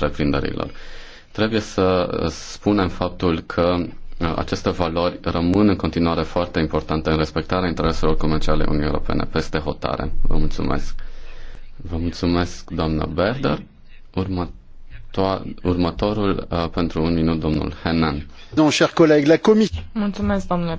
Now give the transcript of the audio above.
întreprinderilor. Trebuie să uh, spunem faptul că uh, aceste valori rămân în continuare foarte importante în respectarea intereselor comerciale Uniunii Europene peste hotare. Vă mulțumesc. Vă mulțumesc, doamna Berder. Urmă următorul uh, pentru un minut, domnul Henan. Mulțumesc, domnule